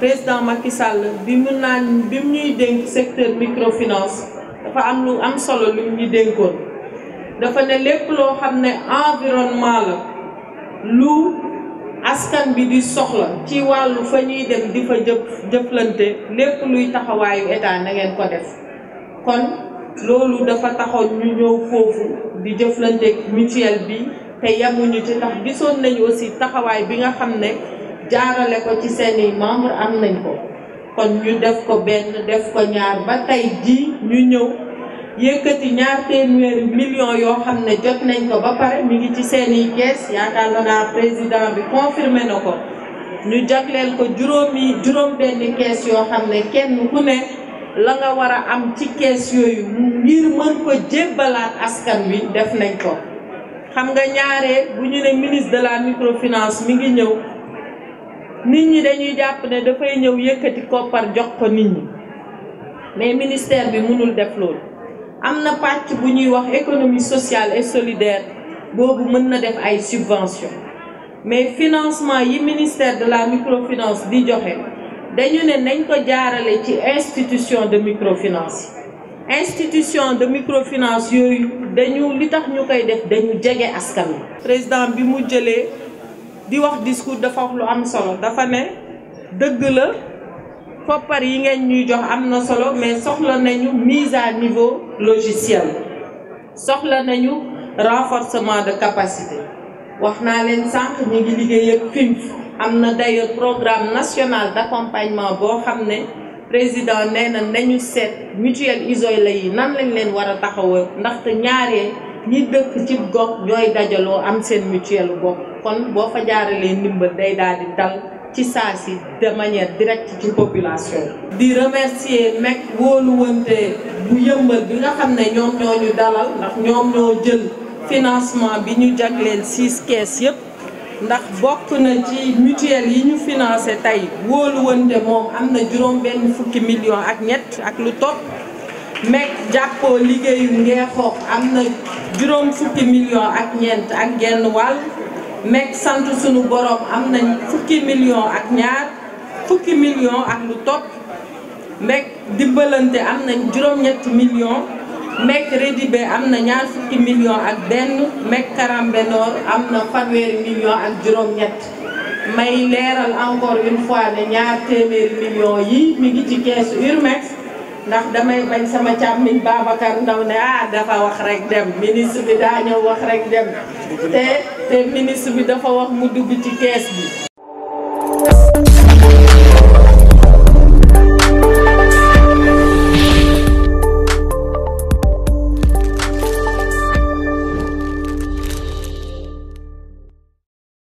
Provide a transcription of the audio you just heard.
président Macky Sall bi mu naan bi mu ñuy dénk secteur microfinance dafa am lu am solo lu ñuy dénkoon dafa ne lépp lo xam environnement la lu askan bi di soxla ci walu fa ñuy dem di fa jëf jëflante lépp luy taxawayu état na ngeen ko def kon lolu dafa taxone ñu ñëw fofu di jëflante mutuel bi te yamuñu ci tax gisoon nañu aussi taxaway bi nga jaarale ko ci seeni membre am nañ ko kon ñu def ko benn def ko ñaar ba tey ji ñu ñëw yëkkati ñaar téeméeri million yoo xam ne jot nañ ko ba pare mi ngi ci seeni kees yaakaar naa président bi confirmé na ko ñu jagleel ko juróomi juróom benn kees yoo xam ne kenn ku ne la nga war a am ci kees yooyu ngir mën ko jébbalaat askan wi def nañ ko xam nga ñaare bu ñu ne ministre de la microfinance mi ngi ñëw Nini ñi dañuy jàpp ne dafay ñëw yëkkati koppar jox ko nit ñi mais ministère bi mënul def loolu am bu ñuy wax économie sociale et solidaire bobu mën na def ay subvention mais financement yi ministère de la microfinance di joxe dañu ne nañ ko jaarale ci institution de microfinance institution de microfinance yooyu dañu li tax ñu koy def dañu jege askan président bi di wax discours dafa wax lu am solo dafa ne dëgg la koppar yi ngeen ñuy jox am na solo mais soxla nañu mise à niveau logiciel soxla nañu renforcement de capacité wax naa leen sànq ñu ngi liggéey ak FIMF am na d'ailleurs programme nationale d'accompagnement boo xam ne président nee na nañu seet mutuelle isolé yi nan lañ leen war a taxawal ndaxte ñaaree ñi dëkk ci gox ñooy dajaloo am seen mutuelle gox kon boo fa jaaralee ndimbal day daal di dal ci saa si de manière directe ci population di remercier MEC wóoluwante bu yëmbal bi nga xam ne ñoom ñoo ñu dalal ndax ñoom ñoo jël financement bi ñu jagleel six caisses yëpp ndax bokk na ci mutuelle yi ñu financé tey wóoluwante moom am na juróom benn fukki million ak ñett ak lu topp meg jàppoo liggéeyu ngeexoox am na juróom fukki million ak ñeent ak genn wàll meg sant sunu borom am na fukki million ak ñaar fukki million ak lu topp meg dimbalante am na juróom-ñetti million meg Redibé am na ñaar fukki million ak benn meg Karambenoor am na fanweeri million ak juróom-ñett may leeral encore une fois ne ñaar téeméeri million yi mi ngi ci keesu urmex ndax damay bañ sama càmmiñ Babacar Ndaw ne ah dafa wax rek dem ministre bi daa ñëw wax rek dem te te ministre bi dafa wax mu dugg ci kees bi